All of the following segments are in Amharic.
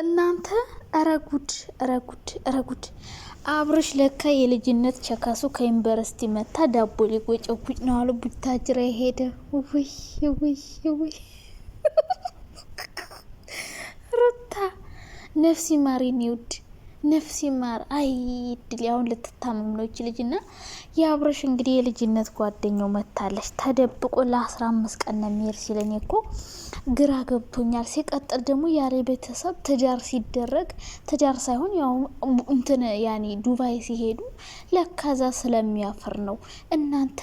እናንተ ረጉድ ረጉድ ረጉድ አብሮሽ ለካ የልጅነት ቸካሱ ከዩኒቨርሲቲ መታ ዳቦ ጉጭ ነው አሉ። ቡታጅራ የሄደ! ውይ ውይ ውይ ሩታ ነፍሲ ማሪን ነፍስ ይማር። አይ ድል አሁን ልትታመም ነው ይች ልጅ ና የአብረሽ እንግዲህ የልጅነት ጓደኛው መታለች። ተደብቆ ለአስራ አምስት ቀን ነው የሚሄድ ሲለኝ እኮ ግራ ገብቶኛል። ሲቀጥል ደግሞ ያለ ቤተሰብ ትዳር ሲደረግ ትዳር ሳይሆን ያው እንትን ያኔ ዱባይ ሲሄዱ ለካዛ ስለሚያፍር ነው። እናንተ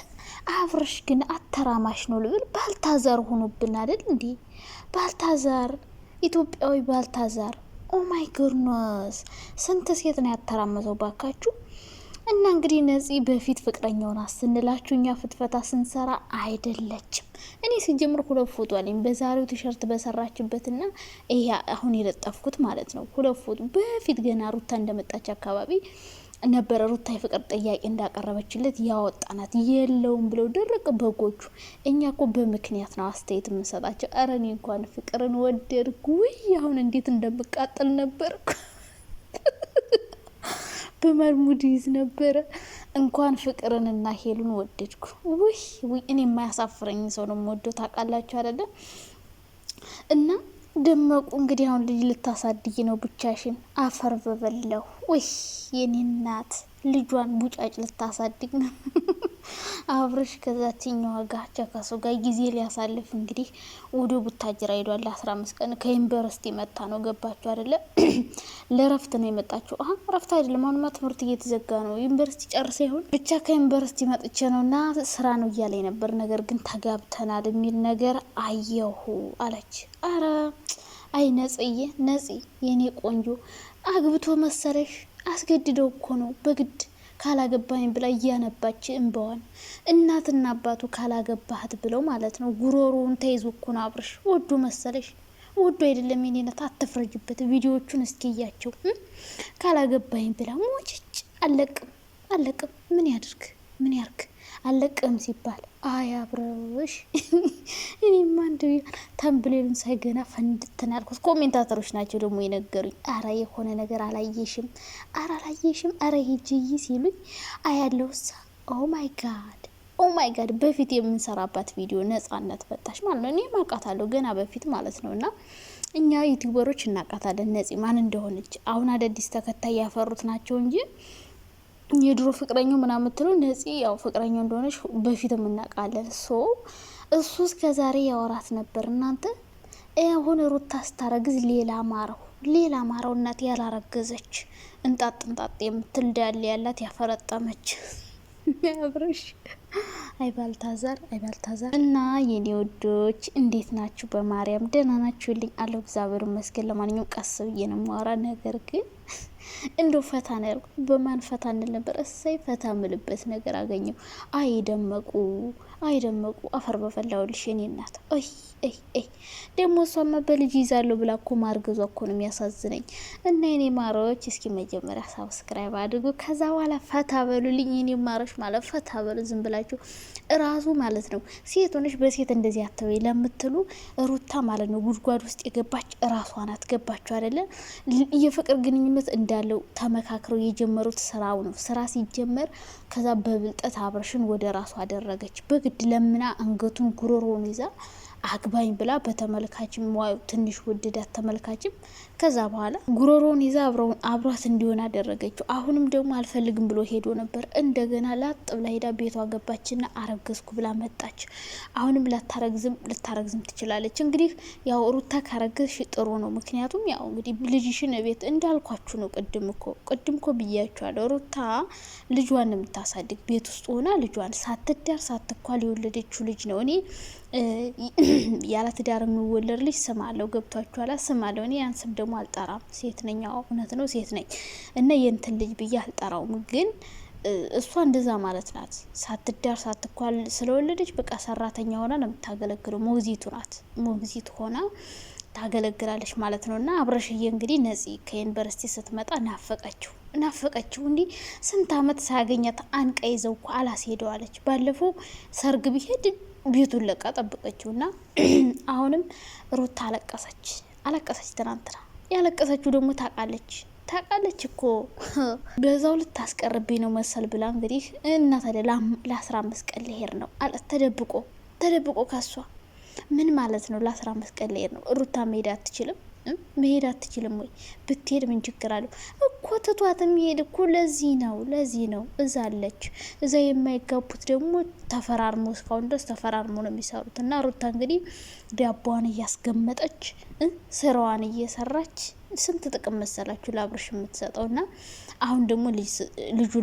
አብረሽ ግን አተራማሽ ነው ልብል። ባልታዛር ሆኖብን አይደል እንዴ? ባልታዛር ኢትዮጵያዊ ባልታዛር ኦማይ ጉድነስ ስንት ሴት ነው ያተራመሰው ባካችሁ። እና እንግዲህ ነፂ በፊት ፍቅረኛውን ስንላችሁ እኛ ፍትፈታ ስንሰራ አይደለችም። እኔ ሲጀምር ሁለት ፎቶ አለኝ በዛሬው ቲሸርት በሰራችበትና ይሄ አሁን የለጠፍኩት ማለት ነው። ሁለት ፎቶ በፊት ገና ሩታ እንደመጣች አካባቢ ነበረ ሩታ የፍቅር ጥያቄ እንዳቀረበችለት ያወጣናት የለውም ብለው ደረቅ በጎቹ። እኛ ኮ በምክንያት ነው አስተያየት የምንሰጣቸው። እረ እኔ እንኳን ፍቅርን ወደድኩ። ውይ አሁን እንዴት እንደምቃጠል ነበር፣ በመርሙድ ይዝ ነበረ። እንኳን ፍቅርንና ሄሉን ወደድኩ። ውይ ውይ እኔ የማያሳፍረኝ ሰው ነው ወዶ ታውቃላችሁ አይደለም እና ደመቁ እንግዲህ አሁን ልጅ ልታሳድጊ ነው ብቻሽን? አፈር በበላው ወይ የኔ እናት ልጇን ቡጫጭ ልታሳድግ ነው። አብረሽ ከዛችኛዋ ጋር ቸከሱ ጋር ጊዜ ሊያሳልፍ እንግዲህ ወደ ቡታጅራ ሄዷል። አስራ አምስት ቀን ከዩኒቨርሲቲ መጣ ነው ገባችሁ አይደለም? ለረፍት ነው የመጣችው። አሀ ረፍት አይደለም፣ አሁንማ ትምህርት እየተዘጋ ነው። ዩኒቨርሲቲ ጨርሰ ይሁን ብቻ ከዩኒቨርሲቲ መጥቼ ነው እና ስራ ነው እያለ ነበር። ነገር ግን ተጋብተናል የሚል ነገር አየሁ አለች። አረ አይ ነጽዬ፣ ነጽ የኔ ቆንጆ አግብቶ መሰለሽ አስገድደው እኮ ነው በግድ ካላገባኝ ብላ እያነባች እንበዋል። እናትና አባቱ ካላገባህት ብለው ማለት ነው። ጉሮሮውን ተይዞ እኮ ነው አብርሽ። ወዶ መሰለሽ ወዶ አይደለም የኔነት አትፍረጅበት። ቪዲዮዎቹን እስኪ እያቸው። ካላገባኝ ብላ ሞጭጭ አለቅም አለቅም። ምን ያድርግ ምን ያርግ አለቅም ሲባል አይ አብረሽ እኔም አንድ ተንብሌሉን ሳይገና ፈንድትን ያልኩት ኮሜንታተሮች ናቸው ደግሞ የነገሩኝ። አረ የሆነ ነገር አላየሽም፣ አረ አላየሽም፣ አረ ሄጅይ ሲሉኝ አያለው ሳ ኦ ማይ ጋድ፣ ኦ ማይ ጋድ። በፊት የምንሰራባት ቪዲዮ ነጻነት ፈታሽ ማለት ነው። እኔም አውቃታለሁ ገና በፊት ማለት ነው። እና እኛ ዩቲዩበሮች እናውቃታለን ነፂ ማን እንደሆነች። አሁን አዳዲስ ተከታይ ያፈሩት ናቸው እንጂ የድሮ ፍቅረኛው ምናምን የምትለው ነፂ ያው ፍቅረኛው እንደሆነች በፊትም እናውቃለን። ሶ እሱ እስከ ዛሬ ያወራት ነበር። እናንተ አሁን ሩታ ስታረግዝ ሌላ ማረው ሌላ ማረው እናት ያላረገዘች እንጣጥ እንጣጥ የምትል ዳል ያላት ያፈረጠመች አብረሽ አይባልታዘር አይባልታዘር እና የኔ ወዶች እንዴት ናችሁ? በማርያም ደህና ናችሁልኝ? አለው እግዚአብሔር ይመስገን። ለማንኛውም ቀስ ብዬ ነው የማወራ ነገር ግን እንደው ፈታ ነው ያልኩት። በማን ፈታ እንል ነበር? እሰይ ፈታ ምልበት ነገር አገኘው። አይደመቁ አይደመቁ አፈር በፈላው ልሽ የኔ እናት ይ ደግሞ እሷማ በልጅ ይዛለሁ ብላ እኮ ማርገዟ እኮ ነው የሚያሳዝነኝ። እና የኔ ማሮች እስኪ መጀመሪያ ሳብስክራይብ አድርጉ፣ ከዛ በኋላ ፈታ በሉልኝ። የኔ ማሮች ማለት ፈታ በሉ ዝም ብላችሁ እራሱ ማለት ነው። ሴት ሆነች በሴት እንደዚህ አትበይ ለምትሉ ሩታ ማለት ነው ጉድጓድ ውስጥ የገባች እራሷ ናት። ገባችሁ አይደለም? የፍቅር ግንኙነት እንዳ እወዳለሁ ተመካክረው የጀመሩት ስራው ነው። ስራ ሲጀመር ከዛ በብልጠት አብርሽን ወደ ራሱ አደረገች። በግድ ለምና አንገቱን ጉሮሮን ይዛ አግባኝ ብላ በተመልካችም ትንሽ ወደዳት። ተመልካችም ከዛ በኋላ ጉሮሮን ይዛ አብሯት እንዲሆን አደረገችው። አሁንም ደግሞ አልፈልግም ብሎ ሄዶ ነበር። እንደገና ላጥ ብላ ሄዳ ቤቷ ገባችና አረገዝኩ ብላ መጣች። አሁንም ላታረግዝም ልታረግዝም ትችላለች። እንግዲህ ያው ሩታ ካረገዝሽ ጥሩ ነው። ምክንያቱም ያው እንግዲህ ልጅሽን ቤት እንዳልኳችሁ ነው። ቅድም እኮ ቅድም እኮ ብያችኋለሁ። ሩታ ልጇን የምታሳድግ ቤት ውስጥ ሆና ልጇን ሳትዳር ሳትኳል የወለደችው ልጅ ነው እኔ ያለ ትዳር የሚወለድ ልጅ ስም አለው። ገብቷችኋል? ስም አለው። እኔ ያን ስም ደግሞ አልጠራም። ሴት ነኝ። አዎ እውነት ነው፣ ሴት ነኝ እና የእንትን ልጅ ብዬ አልጠራውም ግን እሷ እንደዛ ማለት ናት። ሳትዳር ሳትኳል ስለወለደች በቃ ሰራተኛ ሆና ነው የምታገለግለው። ሞግዚቱ ናት። ሞግዚት ሆና ታገለግላለች ማለት ነው። እና አብረሽዬ እንግዲህ ነጺ ከዩኒቨርሲቲ ስትመጣ ናፈቀችው ናፈቀችው። እንዲህ ስንት አመት ሳያገኛት አንቀ ይዘው እኮ አላስሄደዋለች። ባለፈው ሰርግ ቢሄድ ቤቱን ለቃ ጠበቀችው እና አሁንም ሩታ አለቀሰች አለቀሰች። ትናንትና ያለቀሰችው ደግሞ ታውቃለች ታውቃለች እኮ በዛው ልታስቀርብኝ ነው መሰል ብላ እንግዲህ እና ታዲያ ለአስራ አምስት ቀን ሊሄድ ነው አለ ተደብቆ ተደብቆ ካሷ ምን ማለት ነው? ለአስራ አምስት ቀን ሊሄድ ነው ሩታ መሄድ አትችልም መሄድ አትችልም ወይ? ብትሄድ ምን ችግር አለው እኮ ትቷት የሚሄድ እኮ ለዚህ ነው ለዚህ ነው እዛ አለች እዛ የማይጋቡት ደግሞ ተፈራርሞ እስካሁን ድረስ ተፈራርሞ ነው የሚሰሩት። እና ሩታ እንግዲህ ዳቧን እያስገመጠች ስራዋን እየሰራች ስንት ጥቅም መሰላችሁ ለአብርሽ የምትሰጠው። እና አሁን ደግሞ ልጁ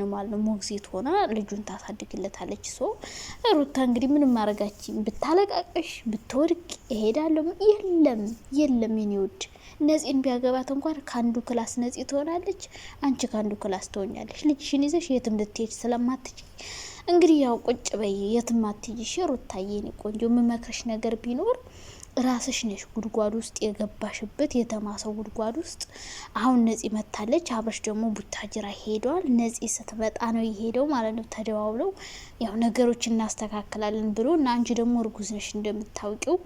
ነው ማለት ነው። ሞግዚት ሆና ልጁን ታሳድግለታለች። ሶ ሩታ እንግዲህ ምንም ማድረጋች ብታለቃቀሽ፣ ብትወድቅ ይሄዳለሁ የለም የለም የኔ ውድ ነፂን ቢያገባት እንኳን ከአንዱ ክላስ ነፂ ትሆናለች፣ አንቺ ከአንዱ ክላስ ትሆኛለች። ልጅሽን ይዘሽ የትም ልትሄድ ስለማትችል እንግዲህ ያው ቁጭ በይ የትም አትይሽ ሩታዬ፣ የኔ ቆንጆ የምመክርሽ ነገር ቢኖር ራስሽ ነሽ ጉድጓድ ውስጥ የገባሽበት የተማሰው ጉድጓድ ውስጥ። አሁን ነፂ መታለች፣ አብረሽ ደግሞ ቡታጅራ ሄደዋል። ነፂ ስትመጣ ነው የሄደው ማለት ነው። ተደዋውለው ያው ነገሮች እናስተካክላለን ብሎ እና አንቺ ደግሞ እርጉዝ ነሽ እንደምታውቂው።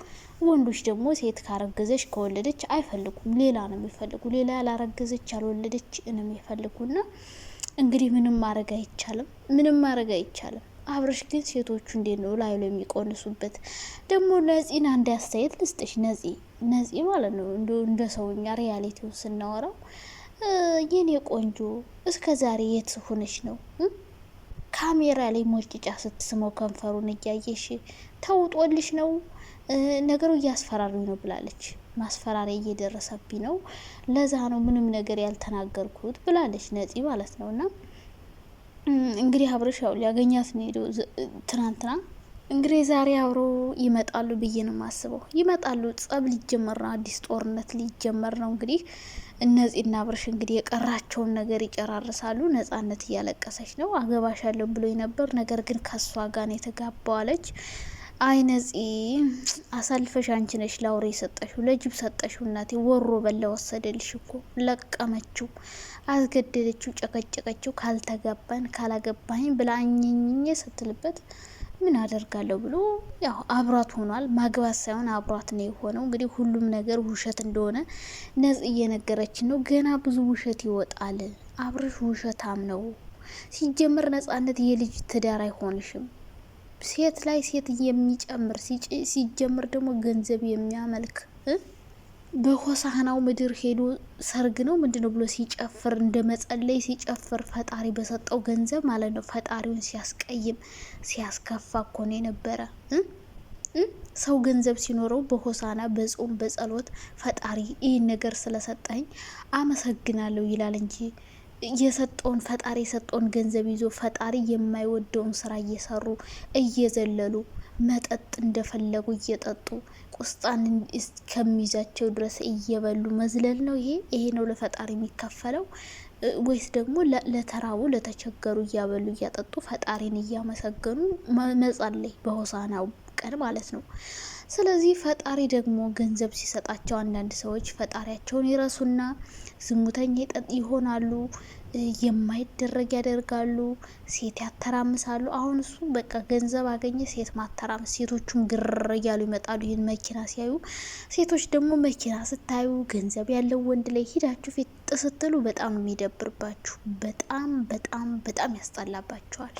ወንዶች ደግሞ ሴት ካረገዘች ከወለደች አይፈልጉም፣ ሌላ ነው የሚፈልጉ። ሌላ ያላረገዘች ያልወለደች ነው የሚፈልጉና እንግዲህ ምንም ማድረግ አይቻልም፣ ምንም ማድረግ አይቻልም። አብረሽ ግን ሴቶቹ እንዴት ነው ላዩ የሚቆንሱበት? ደግሞ ነፂን አንድ አስተያየት ልስጥሽ። ነፂ ነፂ ማለት ነው እንደ ሰውኛ ሪያሊቲው ስናወራው የኔ ቆንጆ እስከ ዛሬ የት ሆነሽ ነው? ካሜራ ላይ ሞጭጫ ስትስመው ከንፈሩን እያየሽ ተውጦልሽ ነው ነገሩ እያስፈራሪ ነው ብላለች። ማስፈራሪያ እየደረሰብኝ ነው፣ ለዛ ነው ምንም ነገር ያልተናገርኩት ብላለች ነፂ ማለት ነው። እና እንግዲህ አብረሽ ያው ሊያገኛት ነው ሄዶ ትናንትና እንግዲህ ዛሬ አብሮ ይመጣሉ ብዬ ነው ማስበው። ይመጣሉ። ጸብ ሊጀመር ነው፣ አዲስ ጦርነት ሊጀመር ነው። እንግዲህ እነዚህና አብርሽ እንግዲህ የቀራቸውን ነገር ይጨራርሳሉ። ነጻነት እያለቀሰች ነው። አገባሻለሁ ብሎ ነበር፣ ነገር ግን ከሷ ጋር ነው የተጋባዋለች። አይ ጺ አሳልፈሽ አንቺ ነሽ ላውሬ የሰጠሽው ለጅብ ሰጠሽው። እናቴ ወሮ በላ ወሰደልሽ እኮ ለቀመችው፣ አስገደደችው ጨቀጨቀችው። ካልተገባን ካላገባኝ ብላ አኝኝኝ ስትልበት ምን አደርጋለሁ ብሎ ያው አብሯት ሆኗል። ማግባት ሳይሆን አብሯት ነው የሆነው። እንግዲህ ሁሉም ነገር ውሸት እንደሆነ ነጽ እየነገረች ነው። ገና ብዙ ውሸት ይወጣል። አብርሽ ውሸታም ነው። ሲጀመር ነጻነት የልጅ ትዳር አይሆንሽም። ሴት ላይ ሴት የሚጨምር ሲጀምር ደግሞ ገንዘብ የሚያመልክ በሆሳህናው ምድር ሄዶ ሰርግ ነው ምንድን ነው ብሎ ሲጨፍር እንደ መጸለይ ሲጨፍር ፈጣሪ በሰጠው ገንዘብ ማለት ነው። ፈጣሪውን ሲያስቀይም ሲያስከፋ እኮ ነው የነበረ። ሰው ገንዘብ ሲኖረው በሆሳና በጾም በጸሎት ፈጣሪ ይህን ነገር ስለሰጠኝ አመሰግናለሁ ይላል እንጂ የሰጠውን ፈጣሪ የሰጠውን ገንዘብ ይዞ ፈጣሪ የማይወደውን ስራ እየሰሩ እየዘለሉ መጠጥ እንደፈለጉ እየጠጡ ቁስጣን ከሚይዛቸው ድረስ እየበሉ መዝለል ነው። ይሄ ይሄ ነው ለፈጣሪ የሚከፈለው? ወይስ ደግሞ ለተራቡ ለተቸገሩ እያበሉ እያጠጡ ፈጣሪን እያመሰገኑ መጸለይ በሆሳናው ቀን ማለት ነው። ስለዚህ ፈጣሪ ደግሞ ገንዘብ ሲሰጣቸው አንዳንድ ሰዎች ፈጣሪያቸውን ይረሱና ዝሙተኛ ይሆናሉ። የማይደረግ ያደርጋሉ፣ ሴት ያተራምሳሉ። አሁን እሱ በቃ ገንዘብ አገኘ፣ ሴት ማተራምስ። ሴቶቹም ግርር እያሉ ይመጣሉ ይህን መኪና ሲያዩ። ሴቶች ደግሞ መኪና ስታዩ ገንዘብ ያለው ወንድ ላይ ሂዳችሁ ፊት ጥስትሉ በጣም የሚደብርባችሁ። በጣም በጣም በጣም ያስጠላባችኋል።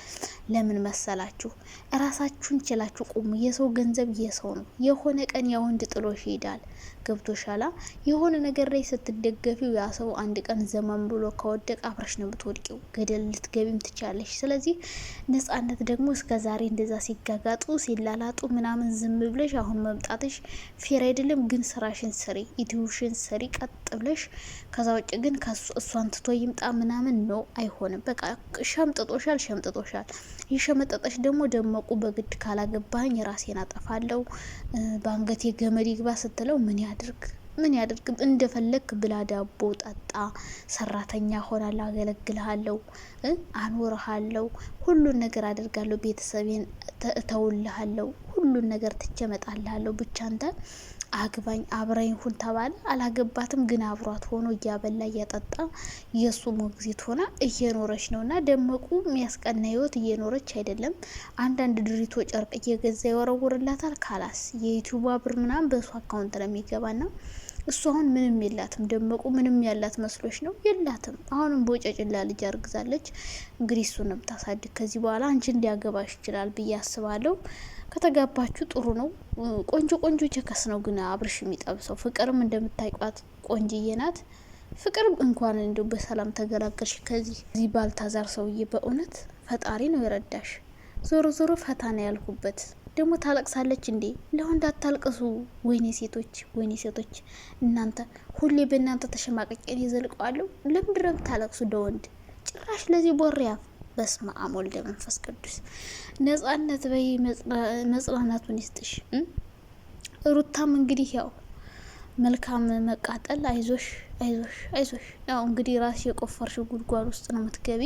ለምን መሰላችሁ? እራሳችሁን ችላችሁ ቁሙ። የሰው ገንዘብ የሰው ነው። የሆነ ቀን ያ ወንድ ጥሎሽ ይሄዳል። ገብቶሻላ? የሆነ ነገር ላይ ስትደገፊው ያ ሰው አንድ ቀን ዘመን ብሎ ከወደቀ አብረ እየወደቀሽ ነው የምትወድቂው፣ ገደል ልትገቢም ትችላለሽ። ስለዚህ ነጻነት ደግሞ እስከ ዛሬ እንደዛ ሲጋጋጡ ሲላላጡ ምናምን ዝም ብለሽ አሁን መምጣትሽ ፌር አይደለም። ግን ስራሽን ስሪ፣ ኢትዩሽን ስሪ ቀጥ ብለሽ። ከዛ ውጭ ግን እሷን ትቶ ይምጣ ምናምን ነው አይሆንም። በቃ ሸምጥጦሻል፣ ሸምጥጦሻል። የሸመጠጠሽ ደግሞ ደመቁ በግድ ካላገባኝ ራሴን አጠፋለው፣ በአንገቴ ገመድ ይግባ ስትለው ምን ያድርግ? ምን ያደርግም እንደፈለግ ብላ ዳቦ ጠጣ፣ ሰራተኛ ሆናለሁ፣ አገለግልሃለሁ፣ አኖርሃለሁ፣ ሁሉን ነገር አደርጋለሁ፣ ቤተሰቤን እተውልሃለሁ፣ ሁሉን ነገር ትቼ ብቻ አንተ አግባኝ፣ አብረኝ ሁን ተባለ። አላገባትም፣ ግን አብሯት ሆኖ እያበላ እያጠጣ የእሱ ሞግዚት ሆና እየኖረች ነው። እና ደመቁ የሚያስቀና ህይወት እየኖረች አይደለም። አንዳንድ ድሪቶ ጨርቅ እየገዛ ይወረውርላታል። ካላስ የዩቲዩብ አብር ምናምን በእሱ አካውንት ነው የሚገባ ና እሱ አሁን ምንም የላትም። ደመቁ ምንም ያላት መስሎች ነው የላትም። አሁንም በጨጭላ ልጅ አርግዛለች። እንግዲህ እሱ ነው የምታሳድግ። ከዚህ በኋላ አንቺ እንዲያገባሽ ይችላል ብዬ አስባለሁ። ከተጋባችሁ ጥሩ ነው። ቆንጆ ቆንጆ ቸከስ ነው ግን አብርሽ የሚጠብሰው። ፍቅርም እንደምታይቋት ቆንጅዬ ናት። ፍቅር እንኳን እንዲ በሰላም ተገላገልሽ ከዚህ ዚህ ባልታዛር ሰውዬ። በእውነት ፈጣሪ ነው የረዳሽ። ዞሮ ዞሮ ፈታ ነው ያልኩበት። ደግሞ ታለቅሳለች እንዴ? ለወንድ አታልቅሱ። ወይኔ ሴቶች፣ ወይኔ ሴቶች እናንተ ሁሌ በእናንተ ተሸማቀቄን ይዘልቀዋለሁ። ለምንድነው ታለቅሱ? ለወንድ ጭራሽ ለዚህ ቦሪያ በስመ አብ ወልደ ቅዱስ ነጻነት በይ መጽናናቱን ይስጥሽ። ሩታም እንግዲህ ያው መልካም መቃጠል። አይዞሽ አይዞሽ አይዞሽ። ያው እንግዲህ ራስ የቆፈርሽ ጉድጓድ ውስጥ ነው የምትገቢ።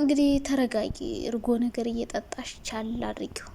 እንግዲህ ተረጋጊ። እርጎ ነገር እየጠጣሽ ቻል አድርጊው።